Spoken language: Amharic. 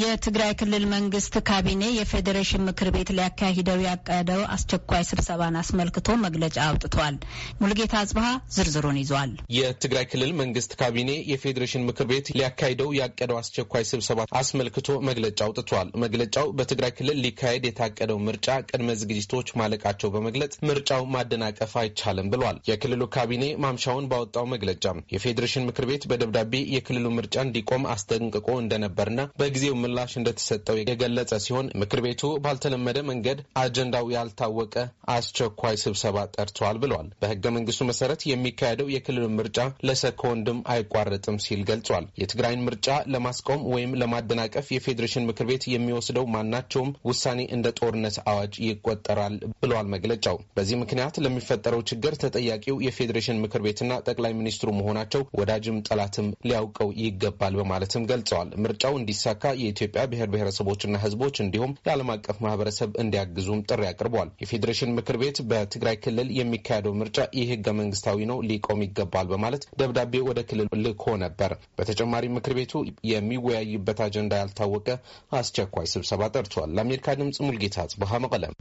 የትግራይ ክልል መንግስት ካቢኔ የፌዴሬሽን ምክር ቤት ሊያካሂደው ያቀደው አስቸኳይ ስብሰባን አስመልክቶ መግለጫ አውጥቷል። ሙልጌታ አጽብሃ ዝርዝሩን ይዟል። የትግራይ ክልል መንግስት ካቢኔ የፌዴሬሽን ምክር ቤት ሊያካሂደው ያቀደው አስቸኳይ ስብሰባ አስመልክቶ መግለጫ አውጥቷል። መግለጫው በትግራይ ክልል ሊካሄድ የታቀደው ምርጫ ቅድመ ዝግጅቶች ማለቃቸው በመግለጽ ምርጫው ማደናቀፍ አይቻልም ብሏል። የክልሉ ካቢኔ ማምሻውን ባወጣው መግለጫ የፌዴሬሽን ምክር ቤት በደብዳቤ የክልሉ ምርጫ እንዲቆም አስጠንቅቆ እንደነበርና በጊዜው ምላሽ እንደተሰጠው የገለጸ ሲሆን ምክር ቤቱ ባልተለመደ መንገድ አጀንዳው ያልታወቀ አስቸኳይ ስብሰባ ጠርቷል ብለዋል። በህገ መንግስቱ መሰረት የሚካሄደው የክልል ምርጫ ለሰከወንድም አይቋረጥም ሲል ገልጿል። የትግራይን ምርጫ ለማስቆም ወይም ለማደናቀፍ የፌዴሬሽን ምክር ቤት የሚወስደው ማናቸውም ውሳኔ እንደ ጦርነት አዋጅ ይቆጠራል ብለዋል መግለጫው። በዚህ ምክንያት ለሚፈጠረው ችግር ተጠያቂው የፌዴሬሽን ምክር ቤትና ጠቅላይ ሚኒስትሩ መሆናቸው ወዳጅም ጠላትም ሊያውቀው ይገባል በማለትም ገልጸዋል። ምርጫው እንዲሳካ የኢትዮጵያ ብሔር ብሔረሰቦችና ህዝቦች እንዲሁም የዓለም አቀፍ ማህበረሰብ እንዲያግዙም ጥሪ አቅርቧል። የፌዴሬሽን ምክር ቤት በትግራይ ክልል የሚካሄደው ምርጫ ይህ ህገ መንግስታዊ ነው፣ ሊቆም ይገባል በማለት ደብዳቤ ወደ ክልል ልኮ ነበር። በተጨማሪ ምክር ቤቱ የሚወያይበት አጀንዳ ያልታወቀ አስቸኳይ ስብሰባ ጠርቷል። ለአሜሪካ ድምጽ ሙልጌታ ጽበሀ መቀለም